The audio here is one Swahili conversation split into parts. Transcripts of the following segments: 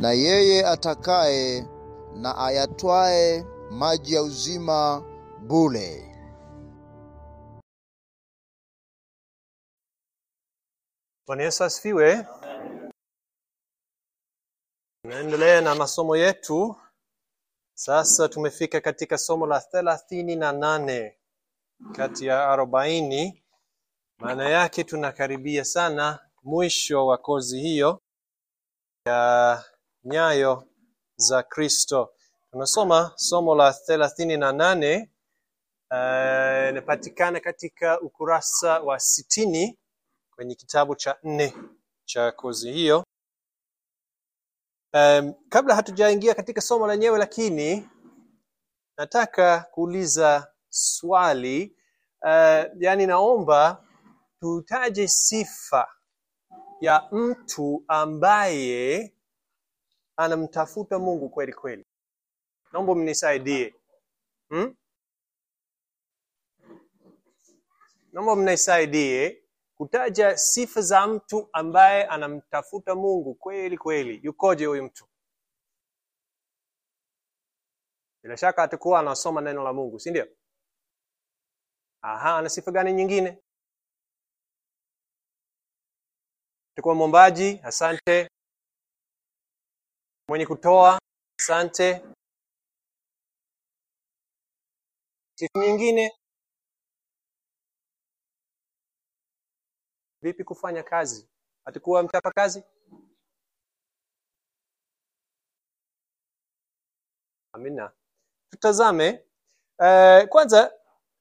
na yeye atakaye na ayatwae maji ya uzima bule. Bwana Yesu asifiwe. Tunaendelea na masomo yetu. Sasa tumefika katika somo la thelathini na nane kati ya arobaini. Maana yake tunakaribia sana mwisho wa kozi hiyo ya Nyayo za Kristo. Tunasoma somo la thelathini na nane eh, inapatikana uh, katika ukurasa wa sitini kwenye kitabu cha nne cha kozi hiyo. Um, kabla hatujaingia katika somo lenyewe, lakini nataka kuuliza swali uh, yani, naomba tutaje sifa ya mtu ambaye anamtafuta Mungu kweli kweli. Naomba mnisaidie hmm? Naomba mnisaidie kutaja sifa za mtu ambaye anamtafuta Mungu kweli kweli. Yukoje huyu mtu? Bila shaka atakuwa anasoma neno la Mungu, si ndio? Aha, ana sifa gani nyingine? Atakuwa mwombaji. Asante. Mwenye kutoa asante. Sifa nyingine, vipi kufanya kazi? Atakuwa mchapa kazi? Amina. Tutazame uh, kwanza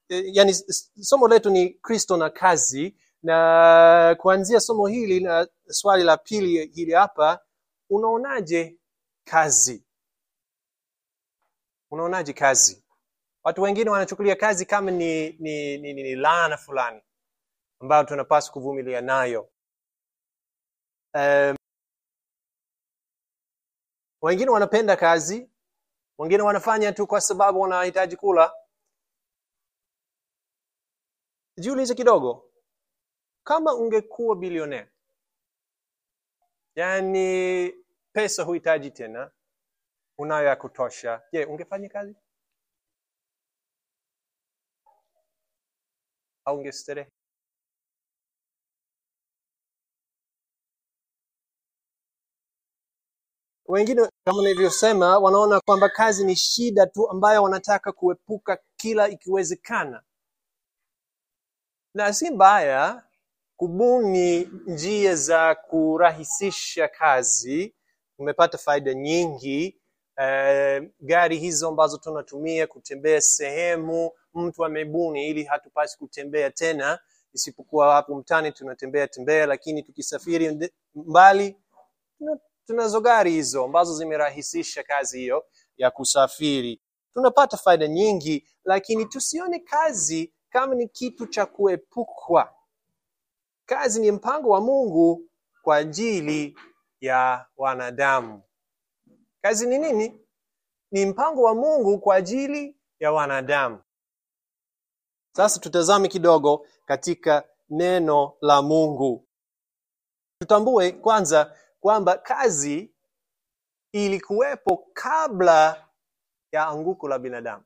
uh, yani somo letu ni Kristo na kazi, na kuanzia somo hili na swali la pili hili hapa, unaonaje kazi. Unaonaje kazi? Watu wengine wanachukulia kazi kama ni, ni, ni, ni, ni laana fulani ambayo tunapaswa kuvumilia nayo. Um, wengine wanapenda kazi, wengine wanafanya tu kwa sababu wanahitaji kula. Jiulize kidogo, kama ungekuwa bilionea, yani pesa huhitaji tena, unayo ya kutosha. Je, ungefanya kazi au ungestarehe? Wengine kama nilivyosema, wanaona kwamba kazi ni shida tu ambayo wanataka kuepuka kila ikiwezekana, na si mbaya kubuni njia za kurahisisha kazi tumepata faida nyingi eh, gari hizo ambazo tunatumia kutembea sehemu mtu amebuni, ili hatupasi kutembea tena isipokuwa hapo mtani tunatembea tembea, lakini tukisafiri mbali tunazo gari hizo ambazo zimerahisisha kazi hiyo ya kusafiri. Tunapata faida nyingi, lakini tusione kazi kama ni kitu cha kuepukwa. Kazi ni mpango wa Mungu kwa ajili ya wanadamu. Kazi ni nini? Ni mpango wa Mungu kwa ajili ya wanadamu. Sasa tutazame kidogo katika neno la Mungu. Tutambue kwanza kwamba kazi ilikuwepo kabla ya anguko la binadamu.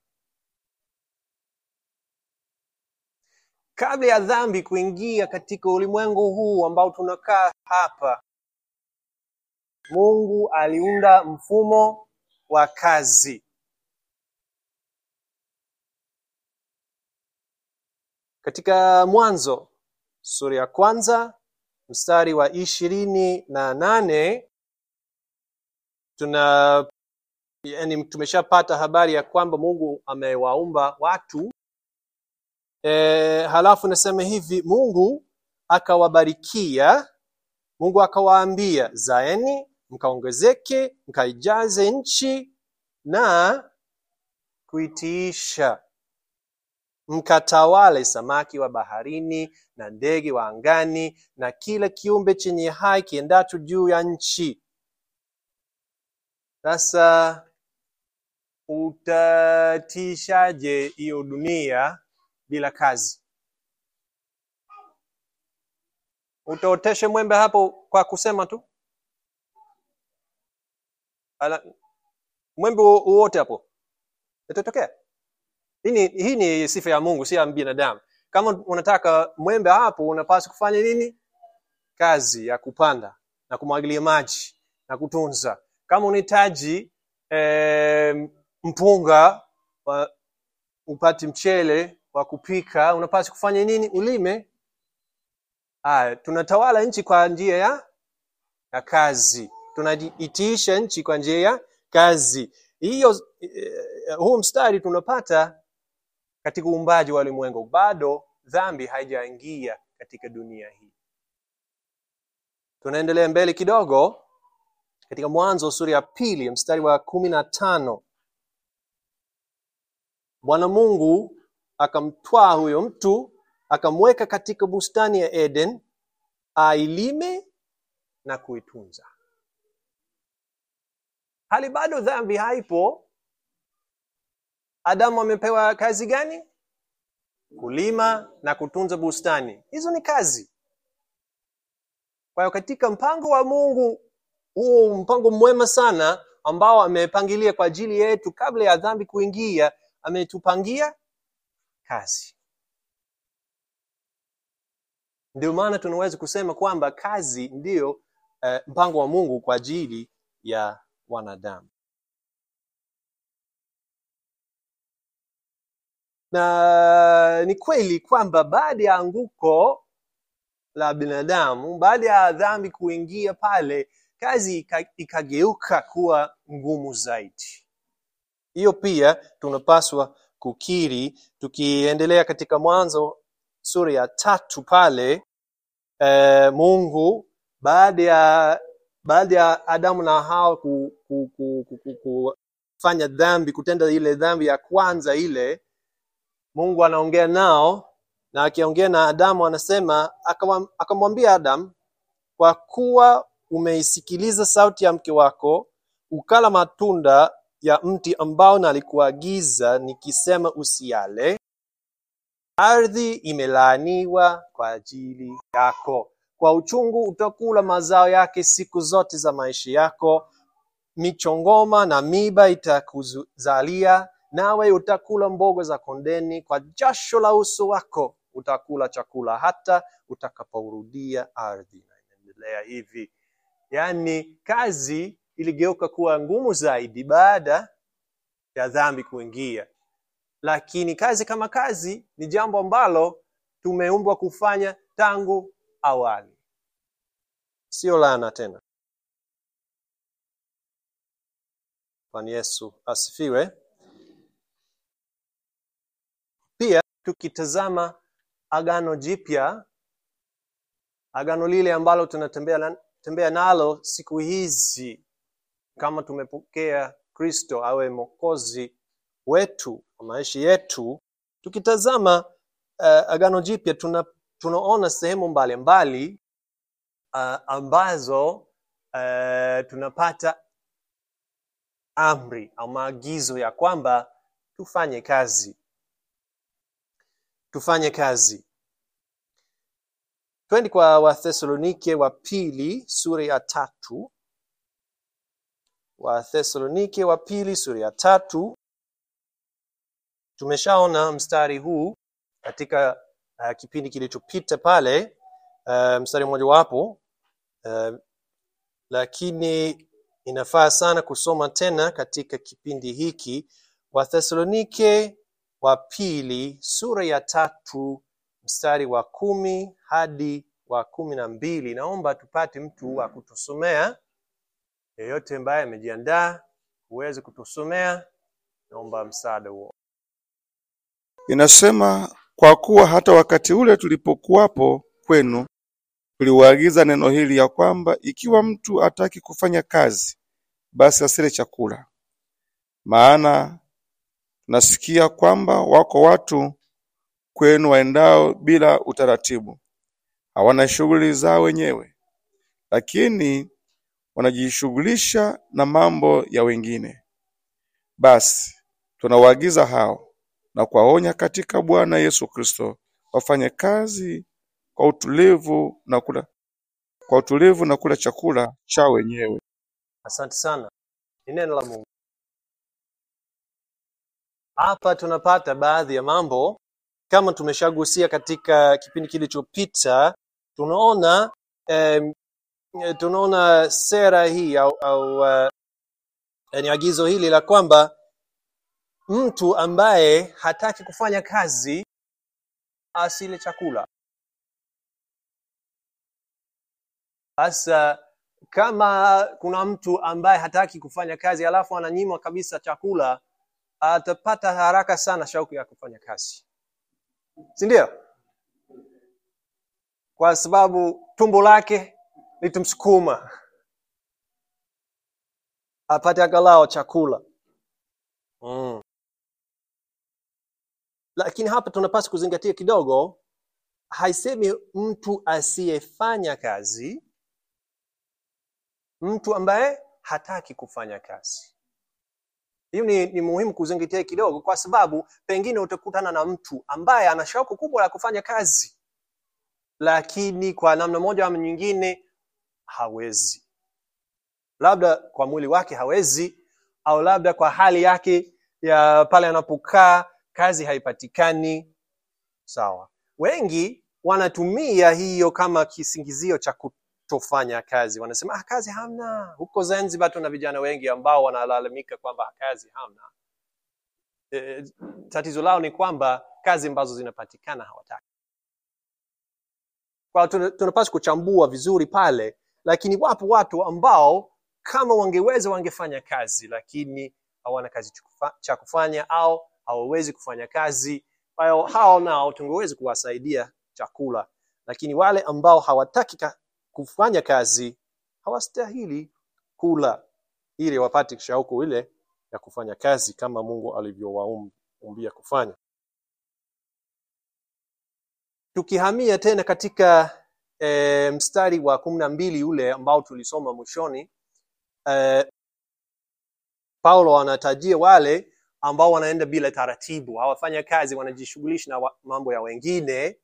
Kabla ya dhambi kuingia katika ulimwengu huu ambao tunakaa hapa, Mungu aliunda mfumo wa kazi katika Mwanzo sura ya kwanza mstari wa ishirini na nane tuna yani, tumeshapata habari ya kwamba Mungu amewaumba watu e, halafu nasema hivi Mungu akawabarikia Mungu akawaambia zaeni mkaongezeke, mkaijaze nchi na kuitiisha, mkatawale samaki wa baharini na ndege wa angani na kila kiumbe chenye hai kiendacho juu ya nchi. Sasa utatiishaje hiyo dunia bila kazi? Utaoteshe mwembe hapo kwa kusema tu? mwembe wowote hapo itatokea. Hii ni sifa ya Mungu, si ya binadamu. Kama unataka mwembe hapo, unapaswa kufanya nini? Kazi ya kupanda na kumwagilia maji na kutunza. Kama unahitaji e, mpunga wa, upati mchele wa kupika, unapaswa kufanya nini? Ulime. Haya, tunatawala nchi kwa njia ya, ya kazi tunajiitisha nchi kwa njia ya kazi hiyo. Eh, huu mstari tunapata katika uumbaji wa ulimwengu, bado dhambi haijaingia katika dunia hii. Tunaendelea mbele kidogo katika Mwanzo sura ya pili mstari wa kumi na tano Bwana Mungu akamtwaa huyo mtu akamweka katika bustani ya Eden ailime na kuitunza hali bado dhambi haipo Adamu amepewa kazi gani? Kulima na kutunza bustani. Hizo ni kazi. Kwa hiyo katika mpango wa Mungu huo, mpango mwema sana ambao amepangilia kwa ajili yetu kabla ya dhambi kuingia, ametupangia kazi. Ndio maana tunaweza kusema kwamba kazi ndiyo eh, mpango wa Mungu kwa ajili ya wanadamu. Na ni kweli kwamba baada ya anguko la binadamu, baada ya dhambi kuingia pale, kazi ikageuka kuwa ngumu zaidi. Hiyo pia tunapaswa kukiri. Tukiendelea katika Mwanzo sura ya tatu pale, e, Mungu baada ya baada ya Adamu na Hawa ku, ku, ku, ku, ku, kufanya dhambi, kutenda ile dhambi ya kwanza ile, Mungu anaongea nao na akiongea na Adamu anasema, akamwambia Adamu, kwa kuwa umeisikiliza sauti ya mke wako, ukala matunda ya mti ambao nalikuagiza nikisema usiale, ardhi imelaaniwa kwa ajili yako kwa uchungu utakula mazao yake siku zote za maisha yako, michongoma na miba itakuzalia, nawe utakula mboga za kondeni, kwa jasho la uso wako utakula chakula hata utakaporudia ardhi. Na inaendelea hivi, yaani kazi iligeuka kuwa ngumu zaidi baada ya dhambi kuingia. Lakini kazi kama kazi ni jambo ambalo tumeumbwa kufanya tangu awali, siyo laana tena. Bwana Yesu asifiwe. Pia tukitazama Agano Jipya, agano lile ambalo tunatembea tembea nalo siku hizi, kama tumepokea Kristo awe mwokozi wetu wa maisha yetu, tukitazama uh, Agano Jipya tuna tunaona sehemu mbalimbali uh, ambazo uh, tunapata amri au maagizo ya kwamba tufanye kazi tufanye kazi twende kwa wathesalonike wa pili sura ya tatu wathesalonike wa pili sura ya tatu tumeshaona mstari huu katika uh, kipindi kilichopita pale uh, mstari wapo uh, lakini inafaa sana kusoma tena katika kipindi hiki Wathesalonike wa pili sura ya tatu mstari wa kumi hadi wa kumi na mbili. Naomba tupate mtu wa kutusomea, yeyote ambaye amejiandaa huweze kutusomea, naomba msaada huo. Inasema kwa kuwa hata wakati ule tulipokuwapo kwenu tuliwaagiza neno hili ya kwamba ikiwa mtu ataki kufanya kazi, basi asile chakula. Maana nasikia kwamba wako watu kwenu waendao bila utaratibu, hawana shughuli zao wenyewe, lakini wanajishughulisha na mambo ya wengine. Basi tunawaagiza hao na kuwaonya katika Bwana Yesu Kristo wafanye kazi kwa utulivu na kula, kwa utulivu na kula chakula cha wenyewe. Asante sana, ni neno la Mungu. Hapa tunapata baadhi ya mambo kama tumeshagusia katika kipindi kilichopita. Tunaona eh, tunaona sera hii au, au eh, ni agizo hili la kwamba Mtu ambaye hataki kufanya kazi asile chakula. Sasa kama kuna mtu ambaye hataki kufanya kazi alafu ananyimwa kabisa chakula, atapata haraka sana shauku ya kufanya kazi, si ndio? Kwa sababu tumbo lake litumsukuma apate agalao chakula mm. Lakini hapa tunapaswa kuzingatia kidogo, haisemi mtu asiyefanya kazi, mtu ambaye hataki kufanya kazi. Hiyo ni, ni muhimu kuzingatia kidogo, kwa sababu pengine utakutana na mtu ambaye ana shauku kubwa la kufanya kazi, lakini kwa namna moja ama nyingine hawezi, labda kwa mwili wake hawezi, au labda kwa hali yake ya pale anapokaa kazi haipatikani. Sawa, wengi wanatumia hiyo kama kisingizio cha kutofanya kazi. Wanasema ah, kazi hamna. Huko Zanzibar tuna vijana wengi ambao wanalalamika kwamba kazi hamna. E, e tatizo lao ni kwamba kazi ambazo zinapatikana hawataki. Kwa tunapaswa kuchambua vizuri pale, lakini wapo watu ambao kama wangeweza wangefanya kazi, lakini hawana kazi cha kufanya au hawawezi kufanya kazi. Kwa hiyo hao nao tungeweza kuwasaidia chakula, lakini wale ambao hawataki kufanya kazi hawastahili kula, ili wapate shauku ile ya kufanya kazi kama Mungu alivyowaumbia kufanya. Tukihamia tena katika e, mstari wa kumi na mbili ule ambao tulisoma mwishoni e, Paulo anatajia wale ambao wanaenda bila taratibu, hawafanya kazi, wanajishughulisha na mambo ya wengine.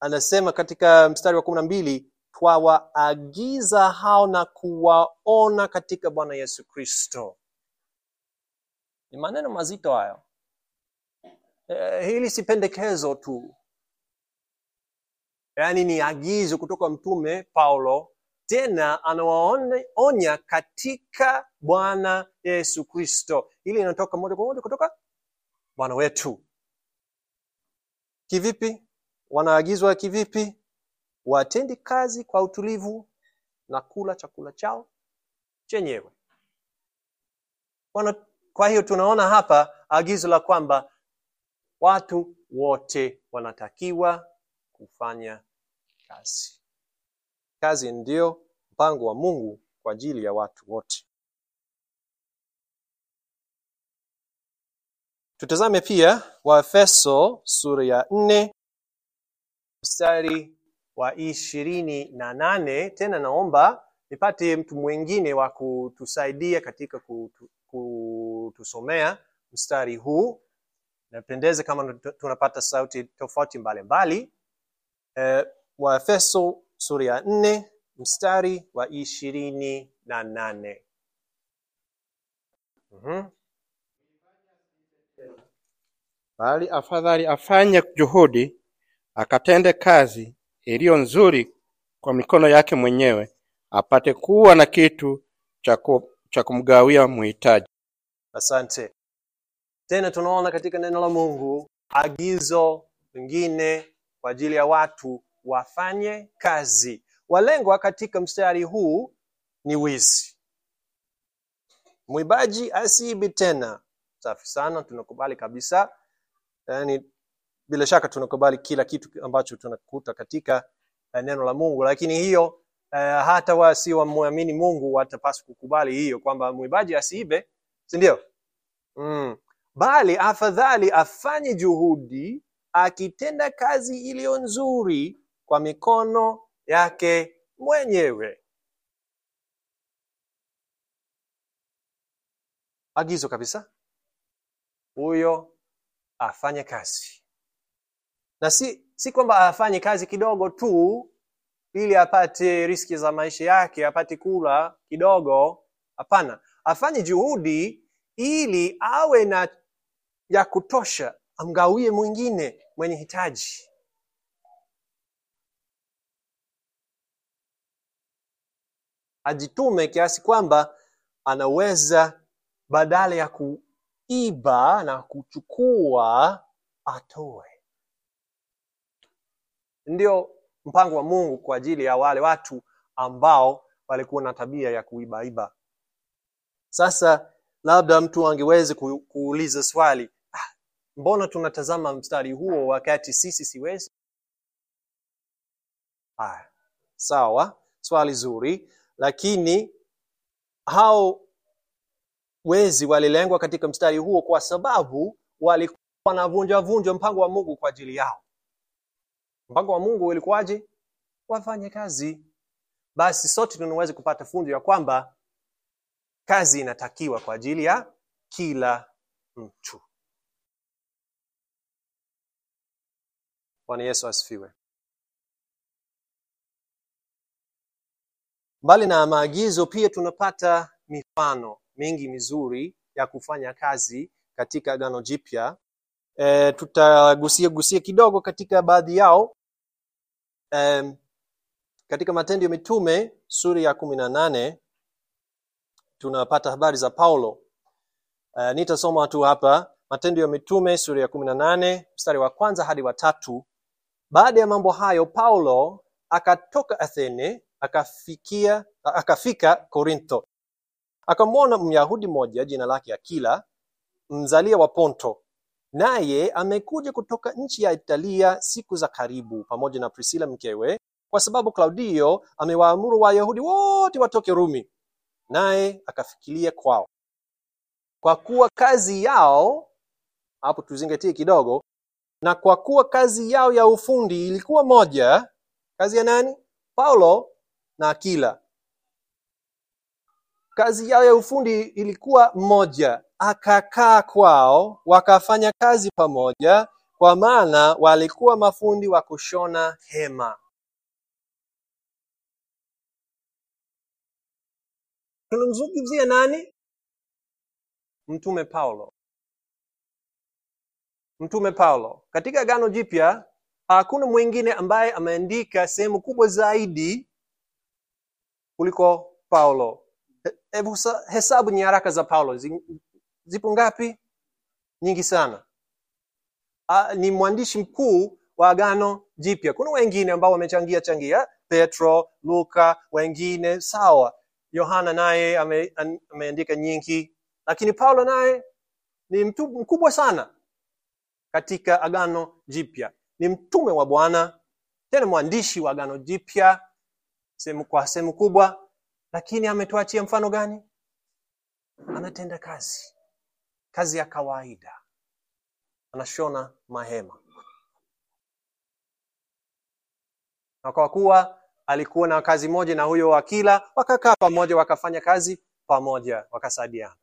Anasema katika mstari wa kumi na mbili twawaagiza hao na kuwaona katika Bwana Yesu Kristo. Ni maneno mazito hayo. E, hili si pendekezo tu, yaani ni agizo kutoka Mtume Paulo tena anawaonya katika Bwana Yesu Kristo. ili inatoka moja kwa moja kutoka Bwana wetu. Kivipi? Wanaagizwa kivipi? watendi kazi kwa utulivu na kula chakula chao chenyewe. Kwa hiyo tunaona hapa agizo la kwamba watu wote wanatakiwa kufanya kazi. Kazi ndio mpango wa Mungu kwa ajili ya watu wote. Tutazame pia Waefeso sura ya nne mstari wa ishirini na nane. Tena naomba nipate mtu mwingine wa kutusaidia katika kutusomea mstari huu. Napendeza kama tunapata sauti tofauti mbalimbali. E, Waefeso sura ya nne mstari wa ishirini na nane. Mm-hmm. Bali afadhali afanye juhudi akatende kazi iliyo nzuri kwa mikono yake mwenyewe apate kuwa na kitu cha kumgawia mhitaji. Asante. Tena tunaona katika neno la Mungu agizo lingine kwa ajili ya watu wafanye kazi. Walengwa katika mstari huu ni wizi. Mwibaji asiibi tena. Safi sana, tunakubali kabisa. Yani, eh, bila shaka tunakubali kila kitu ambacho tunakuta katika eh, neno la Mungu, lakini hiyo eh, hata wasi wamwamini Mungu watapaswa kukubali hiyo kwamba mwibaji asiibe, si ndio? Mm. Bali afadhali afanye juhudi akitenda kazi iliyo nzuri kwa mikono yake mwenyewe. Agizo kabisa, huyo afanye kazi, na si si kwamba afanye kazi kidogo tu ili apate riski za maisha yake, apate kula kidogo. Hapana, afanye juhudi ili awe na ya kutosha, amgawie mwingine mwenye hitaji. ajitume kiasi kwamba anaweza badala ya kuiba na kuchukua atoe. Ndio mpango wa Mungu kwa ajili ya wale watu ambao walikuwa na tabia ya kuibaiba. Sasa labda mtu angeweza kuuliza swali, ah, mbona tunatazama mstari huo wakati sisi siwezi? Ah, sawa, swali zuri lakini hao wezi walilengwa katika mstari huo kwa sababu walikuwa wanavunja vunja mpango wa Mungu kwa ajili yao. Mpango wa Mungu ulikuwaje? Wafanye kazi. Basi sote tunaweza kupata funzo ya kwamba kazi inatakiwa kwa ajili ya kila mtu. Bwana Yesu asifiwe. Mbali na maagizo, pia tunapata mifano mingi mizuri ya kufanya kazi katika Agano Jipya. E, tutagusia gusia kidogo katika baadhi yao. E, katika Matendo ya Mitume sura ya kumi na nane tunapata habari za Paulo. E, nitasoma tu hapa Matendo ya Mitume sura ya kumi na nane mstari wa kwanza hadi wa tatu. Baada ya mambo hayo, Paulo akatoka Athene akafikia, akafika Korintho. Akamwona Myahudi mmoja jina lake Akila, mzalia wa Ponto, naye amekuja kutoka nchi ya Italia siku za karibu, pamoja na Priscilla mkewe, kwa sababu Klaudio amewaamuru Wayahudi wote watoke Rumi, naye akafikiria kwao, kwa kuwa kazi yao hapo tuzingatie kidogo. Na kwa kuwa kazi yao ya ufundi ilikuwa moja, kazi ya nani? Paulo na akila. Kazi yao ya ufundi ilikuwa mmoja akakaa kwao wakafanya kazi pamoja, kwa maana walikuwa mafundi wa kushona hema. Tulimzungumzia nani? Mtume Paulo. Mtume Paulo katika Agano Jipya hakuna mwingine ambaye ameandika sehemu kubwa zaidi kuliko Paulo. Hebu hesabu nyaraka za Paulo, zipo ngapi? Nyingi sana. A, ni mwandishi mkuu wa Agano Jipya. Kuna wengine ambao wamechangia changia, Petro, Luka, wengine sawa. Yohana naye ame, ameandika nyingi, lakini Paulo naye ni mtu mkubwa sana katika Agano Jipya. Ni mtume wa Bwana, tena mwandishi wa Agano Jipya sehemu kwa sehemu kubwa, lakini ametuachia mfano gani? Anatenda kazi, kazi ya kawaida, anashona mahema, na kwa kuwa alikuwa na kazi moja na huyo wakila, wakakaa pamoja, wakafanya kazi pamoja, wakasaidiana.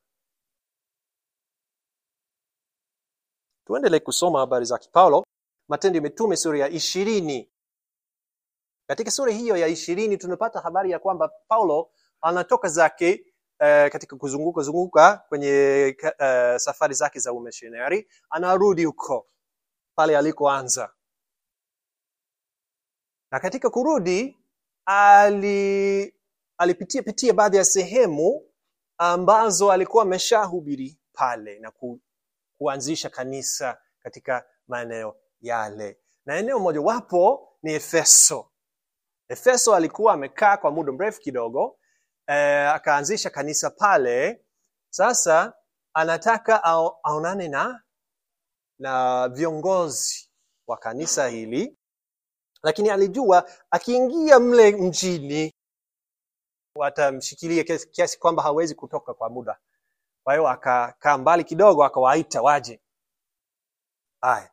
Tuendelee kusoma habari za kipaulo Matendo ya Mitume sura ya ishirini katika sura hiyo ya ishirini tunapata habari ya kwamba Paulo anatoka zake Uh, katika kuzunguka zunguka kwenye uh, safari zake za umishinari anarudi huko pale alikoanza, na katika kurudi ali alipitia pitia baadhi ya sehemu ambazo alikuwa ameshahubiri pale na ku, kuanzisha kanisa katika maeneo yale, na eneo mojawapo ni Efeso. Efeso alikuwa amekaa kwa muda mrefu kidogo eh, akaanzisha kanisa pale. Sasa anataka aonane na, na viongozi wa kanisa hili, lakini alijua akiingia mle mjini watamshikilia kiasi, kwamba hawezi kutoka kwa muda. Kwa hiyo akakaa mbali kidogo, akawaita waje. aya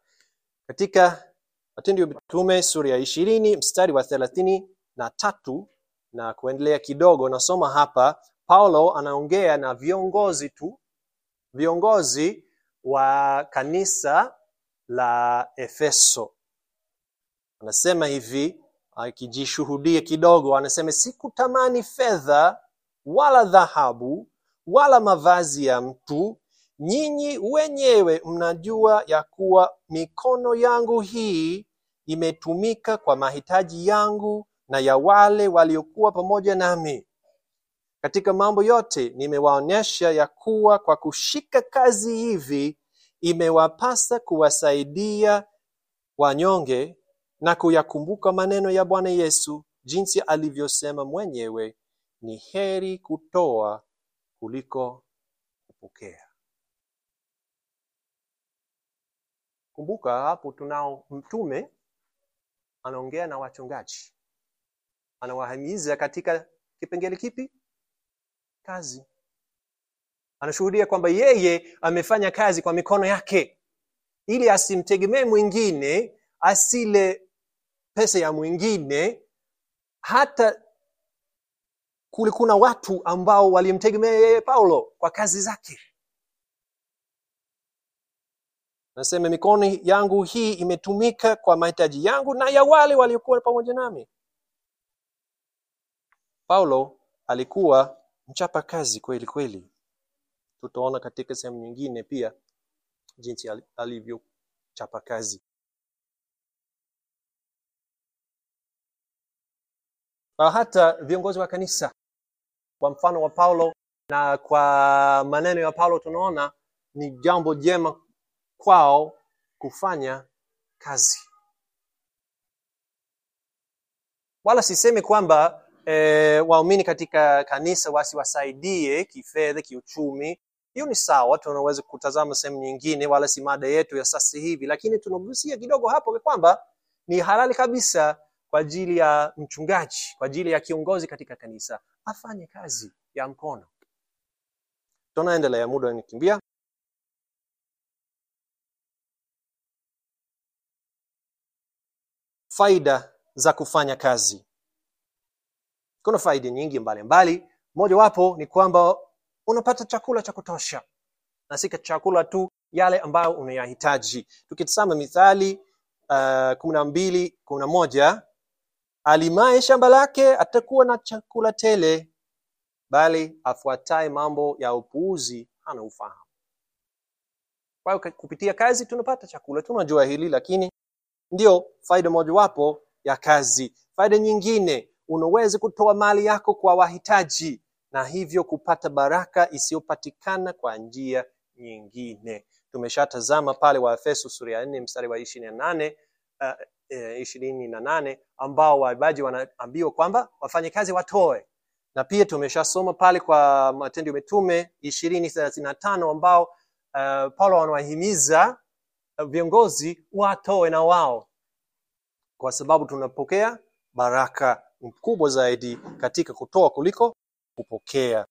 katika Matendo ya Mitume sura ya ishirini mstari wa thelathini na tatu na kuendelea kidogo. Nasoma hapa, Paulo anaongea na viongozi tu, viongozi wa kanisa la Efeso. Anasema hivi akijishuhudia kidogo, anasema sikutamani fedha wala dhahabu wala mavazi ya mtu Nyinyi wenyewe mnajua ya kuwa mikono yangu hii imetumika kwa mahitaji yangu na ya wale waliokuwa pamoja nami. Katika mambo yote nimewaonyesha ya kuwa kwa kushika kazi hivi imewapasa kuwasaidia wanyonge na kuyakumbuka maneno ya Bwana Yesu jinsi alivyosema mwenyewe, ni heri kutoa kuliko kupokea. Kumbuka hapo tunao mtume anaongea na wachungaji, anawahimiza katika kipengele kipi? Kazi. Anashuhudia kwamba yeye amefanya kazi kwa mikono yake, ili asimtegemee mwingine, asile pesa ya mwingine, hata kulikuna watu ambao walimtegemea yeye Paulo kwa kazi zake. Nasema mikono yangu hii imetumika kwa mahitaji yangu na ya wale waliokuwa pamoja nami. Paulo alikuwa mchapa kazi kweli kweli. Tutaona katika sehemu nyingine pia jinsi alivyochapa kazi. Na ah, hata viongozi wa kanisa kwa mfano wa Paulo na kwa maneno ya Paulo tunaona ni jambo jema kwao kufanya kazi wala siseme kwamba e, waumini katika kanisa wasiwasaidie kifedha kiuchumi hiyo ni sawa tunaweza kutazama sehemu nyingine wala si mada yetu ya sasa hivi lakini tunagusia kidogo hapo kwamba ni halali kabisa kwa ajili ya mchungaji kwa ajili ya kiongozi katika kanisa afanye kazi ya mkono tunaendelea muda nikimbia faida za kufanya kazi. Kuna faida nyingi mbalimbali, mojawapo ni kwamba unapata chakula cha kutosha, na si chakula tu, yale ambayo unayahitaji. Tukitazama Mithali uh, kumi na mbili kumi na moja alimaye shamba lake atakuwa na chakula tele, bali afuataye mambo ya upuuzi hana ufahamu. Kwa hiyo kupitia kazi tunapata chakula, tunajua hili lakini ndio faida mojawapo ya kazi. Faida nyingine, unaweza kutoa mali yako kwa wahitaji na hivyo kupata baraka isiyopatikana kwa njia nyingine. Tumeshatazama pale Waefeso sura ya nne mstari wa ishirini na nane eh, eh, ishirini na nane ambao waibaji wanaambiwa kwamba kazi watoe, na pia tumeshasoma pale kwa Matendo ya Mitume ishirini thelathini na tano ambao uh, Paulo anawahimiza viongozi watoe na wao, kwa sababu tunapokea baraka kubwa zaidi katika kutoa kuliko kupokea.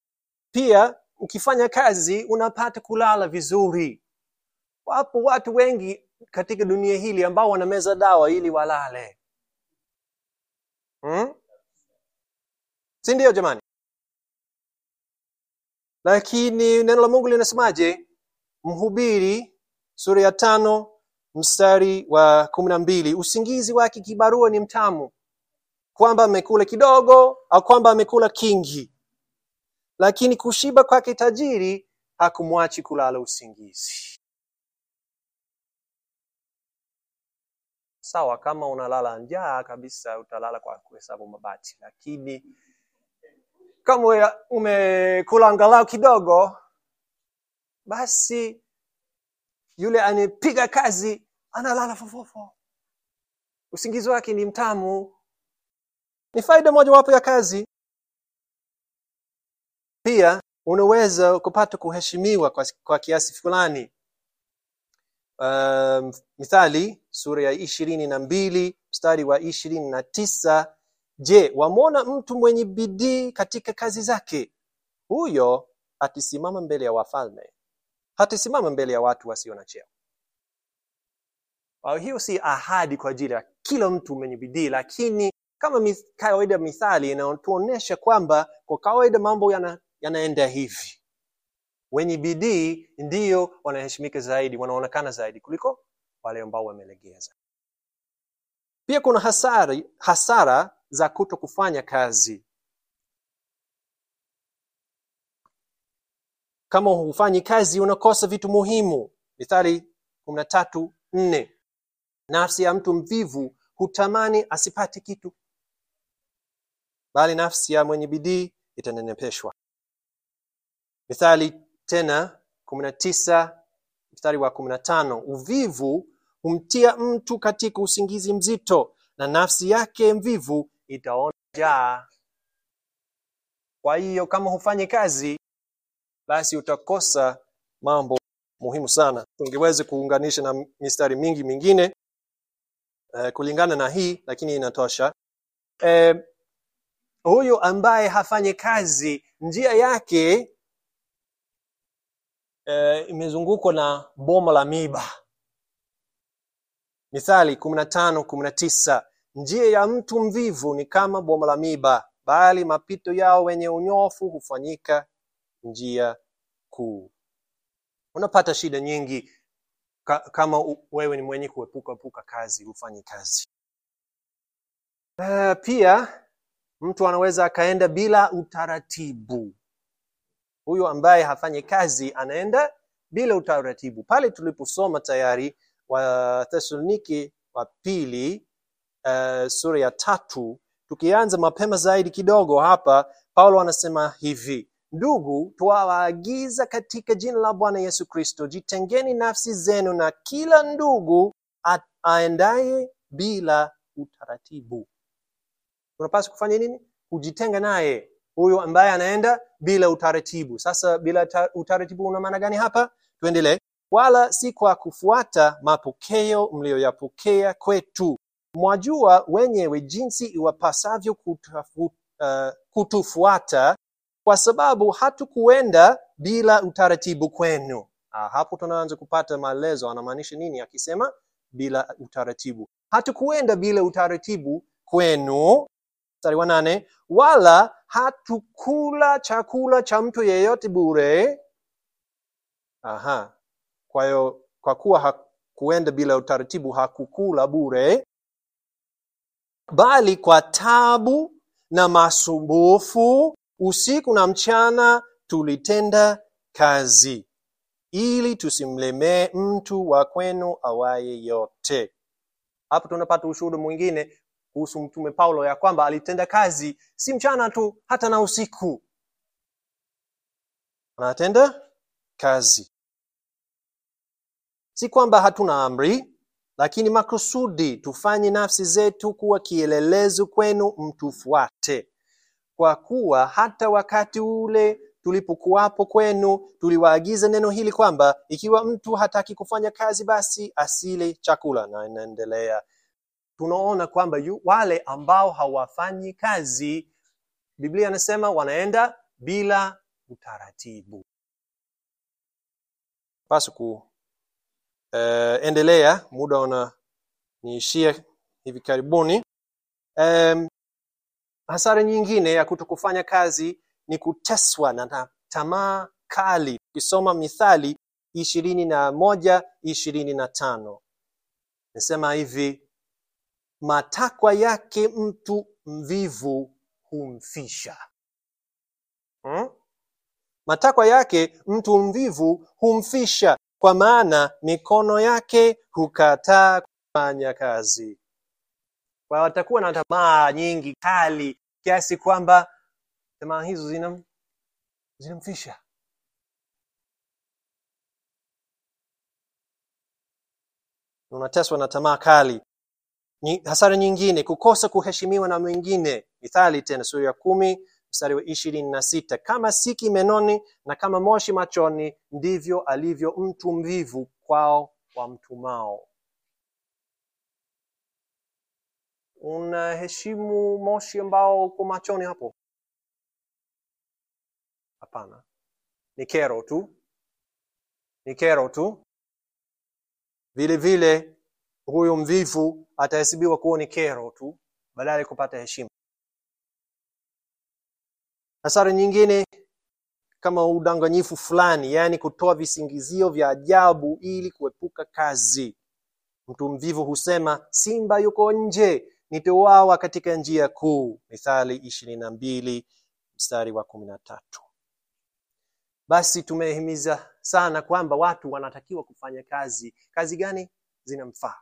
Pia ukifanya kazi unapata kulala vizuri. Wapo watu wengi katika dunia hili ambao wanameza dawa ili walale, hmm? si ndio jamani? Lakini neno la Mungu linasemaje? Mhubiri sura ya tano mstari wa kumi na mbili usingizi wake kibarua ni mtamu kwamba amekula kidogo au kwamba amekula kingi lakini kushiba kwake tajiri hakumwachi kulala usingizi sawa kama unalala njaa kabisa utalala kwa kuhesabu mabati lakini kama umekula angalau kidogo basi yule anayepiga kazi analala fofofo usingizi wake ni mtamu ni faida mojawapo ya kazi pia unaweza kupata kuheshimiwa kwa, kwa kiasi fulani um, uh, mithali sura ya ishirini na mbili mstari wa ishirini na tisa je wamwona mtu mwenye bidii katika kazi zake huyo akisimama mbele ya wafalme simama mbele ya watu wasio na cheo. Kwa hiyo si ahadi kwa ajili ya kila mtu mwenye bidii, lakini kama mis, kawaida mithali inatuonyesha kwamba kwa kawaida mambo yana, yanaenda hivi. Wenye bidii ndiyo wanaheshimika zaidi, wanaonekana zaidi kuliko wale ambao wamelegeza. Pia kuna hasari, hasara za kuto kufanya kazi kama hufanyi kazi unakosa vitu muhimu. Mithali kumi na tatu nne. Nafsi ya mtu mvivu hutamani asipate kitu, bali nafsi ya mwenye bidii itanenepeshwa. Mithali tena kumi na tisa mstari wa kumi na tano uvivu humtia mtu katika usingizi mzito, na nafsi yake mvivu itaona njaa. Kwa hiyo kama hufanyi kazi basi utakosa mambo muhimu sana. Tungeweza kuunganisha na mistari mingi mingine uh, kulingana na hii, lakini inatosha. Uh, huyu ambaye hafanye kazi, njia yake uh, imezungukwa na boma la miba. Mithali kumi na tano kumi na tisa njia ya mtu mvivu ni kama boma la miba, bali mapito yao wenye unyofu hufanyika njia kuu unapata shida nyingi ka, kama u, wewe ni mwenye kuepuka epuka kazi hufanyi kazi uh, pia mtu anaweza akaenda bila utaratibu huyu ambaye hafanyi kazi anaenda bila utaratibu pale tuliposoma tayari wathesaloniki wa pili uh, sura ya tatu tukianza mapema zaidi kidogo hapa paulo anasema hivi Ndugu, twawaagiza katika jina la Bwana Yesu Kristo, jitengeni nafsi zenu na kila ndugu aendaye bila utaratibu. tunapaswa kufanya nini? Kujitenga naye huyo ambaye anaenda bila utaratibu. Sasa bila utaratibu una maana gani hapa? Tuendelee. Wala si kwa kufuata mapokeo mliyoyapokea kwetu, mwajua wenyewe jinsi iwapasavyo uh, kutufuata kwa sababu hatukuenda bila utaratibu kwenu. Ah, hapo tunaanza kupata maelezo anamaanisha nini akisema bila utaratibu. Hatukuenda bila utaratibu kwenu. Mstari wa nane, wala hatukula chakula cha mtu yeyote bure. Aha, kwa hiyo kwa kuwa hakuenda bila utaratibu, hakukula bure, bali kwa tabu na masumbufu Usiku na mchana tulitenda kazi, ili tusimlemee mtu wa kwenu awaye yote. Hapo tunapata ushuhuda mwingine kuhusu Mtume Paulo ya kwamba alitenda kazi si mchana tu, hata na usiku anatenda kazi. Si kwamba hatuna amri, lakini makusudi tufanye nafsi zetu kuwa kielelezo kwenu, mtufuate kwa kuwa hata wakati ule tulipokuwapo kwenu tuliwaagiza neno hili kwamba ikiwa mtu hataki kufanya kazi basi asile chakula. Na inaendelea, tunaona kwamba yu, wale ambao hawafanyi kazi, Biblia anasema wanaenda bila utaratibu. Pasa kuendelea, eh, uh, muda una niishia hivi karibuni um, Hasara nyingine ya kutokufanya kazi ni kuteswa na tamaa kali. Ukisoma Mithali ishirini na moja ishirini na tano nasema hivi, matakwa yake mtu mvivu humfisha hmm? matakwa yake mtu mvivu humfisha, kwa maana mikono yake hukataa kufanya kazi kwa watakuwa na tamaa nyingi kali kiasi kwamba tamaa hizo zinam, zinamfisha unateswa na tamaa kali hasara nyingine kukosa kuheshimiwa na mwingine mithali tena sura ya kumi mstari wa ishirini na sita kama siki menoni na kama moshi machoni ndivyo alivyo mtu mvivu kwao wa mtumao unaheshimu moshi ambao uko machoni hapo? Hapana, ni kero tu, ni kero tu. Vile vile huyu mvivu atahesabiwa kuwa ni kero tu, badala ya kupata heshima. Hasara nyingine kama udanganyifu fulani, yaani kutoa visingizio vya ajabu ili kuepuka kazi. Mtu mvivu husema simba yuko nje, nitowawa katika njia kuu. Mithali ishirini na mbili mstari wa kumi na tatu. Basi tumehimiza sana kwamba watu wanatakiwa kufanya kazi. Kazi gani zinamfaa?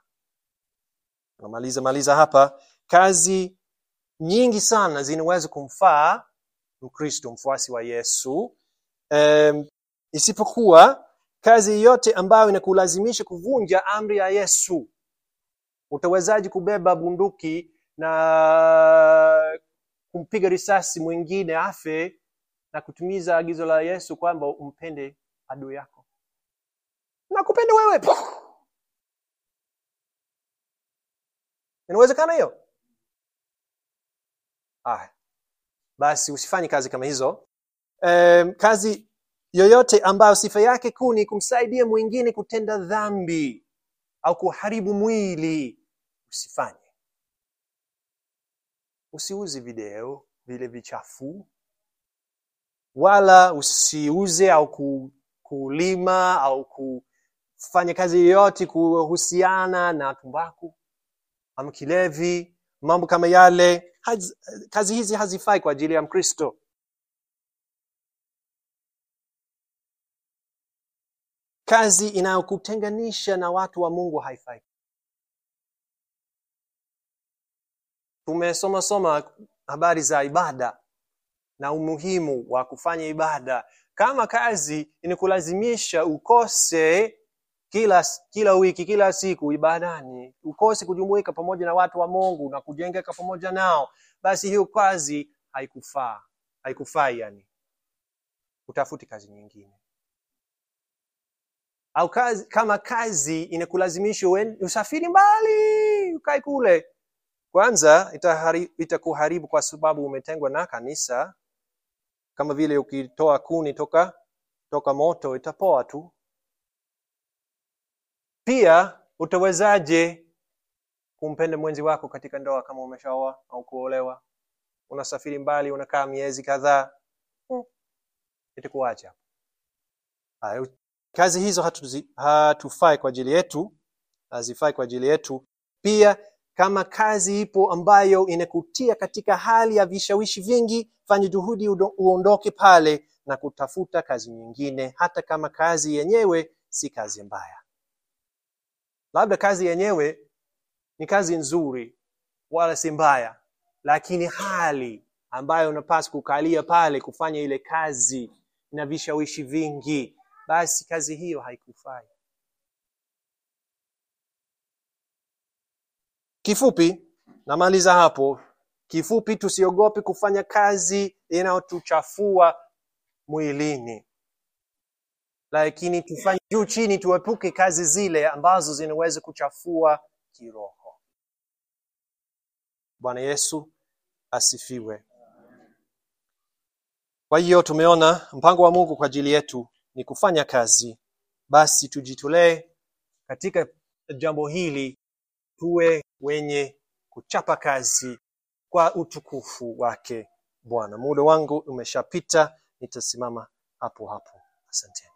Namaliza maliza hapa. Kazi nyingi sana zinaweza kumfaa Mkristo, mfuasi wa Yesu, um, isipokuwa kazi yote ambayo inakulazimisha kuvunja amri ya Yesu Utawezaji kubeba bunduki na kumpiga risasi mwingine afe na kutimiza agizo la Yesu kwamba umpende adui yako na kupenda wewe? Inawezekana hiyo? Ah, basi usifanye kazi kama hizo. Um, kazi yoyote ambayo sifa yake kuu ni kumsaidia mwingine kutenda dhambi au kuharibu mwili usifanye. Usiuze video vile vichafu, wala usiuze au kulima au kufanya kazi yoyote kuhusiana na tumbaku ama kilevi, mambo kama yale. Haz, kazi hizi hazifai kwa ajili ya Mkristo. Kazi inayokutenganisha na watu wa Mungu haifai. Tumesoma soma habari za ibada na umuhimu wa kufanya ibada. Kama kazi inakulazimisha ukose kila, kila wiki kila siku ibadani, ukose kujumuika pamoja na watu wa Mungu na kujengeka pamoja nao, basi hiyo kazi haikufaa, haikufai. Yani utafuti kazi nyingine au kazi, kama kazi inakulazimisha usafiri mbali ukae kule kwanza itakuharibu kwa sababu umetengwa na kanisa, kama vile ukitoa kuni toka, toka moto itapoa tu. Pia utawezaje kumpenda mwenzi wako katika ndoa kama umeshaoa au kuolewa? Unasafiri mbali, unakaa miezi kadhaa, hmm. itakuacha kazi hizo hatufai hatu kwa ajili yetu, hazifai kwa ajili yetu. Pia kama kazi ipo ambayo inakutia katika hali ya vishawishi vingi, fanye juhudi uondoke pale na kutafuta kazi nyingine, hata kama kazi yenyewe si kazi mbaya. Labda kazi yenyewe ni kazi nzuri, wala si mbaya, lakini hali ambayo unapaswa kukalia pale kufanya ile kazi na vishawishi vingi, basi kazi hiyo haikufai. Kifupi namaliza hapo. Kifupi, tusiogopi kufanya kazi inayotuchafua mwilini, lakini tufanye juu chini, tuepuke kazi zile ambazo zinaweza kuchafua kiroho. Bwana Yesu asifiwe. Kwa hiyo tumeona mpango wa Mungu kwa ajili yetu ni kufanya kazi, basi tujitolee katika jambo hili tuwe wenye kuchapa kazi kwa utukufu wake Bwana. Muda wangu umeshapita, nitasimama hapo hapo. Asante.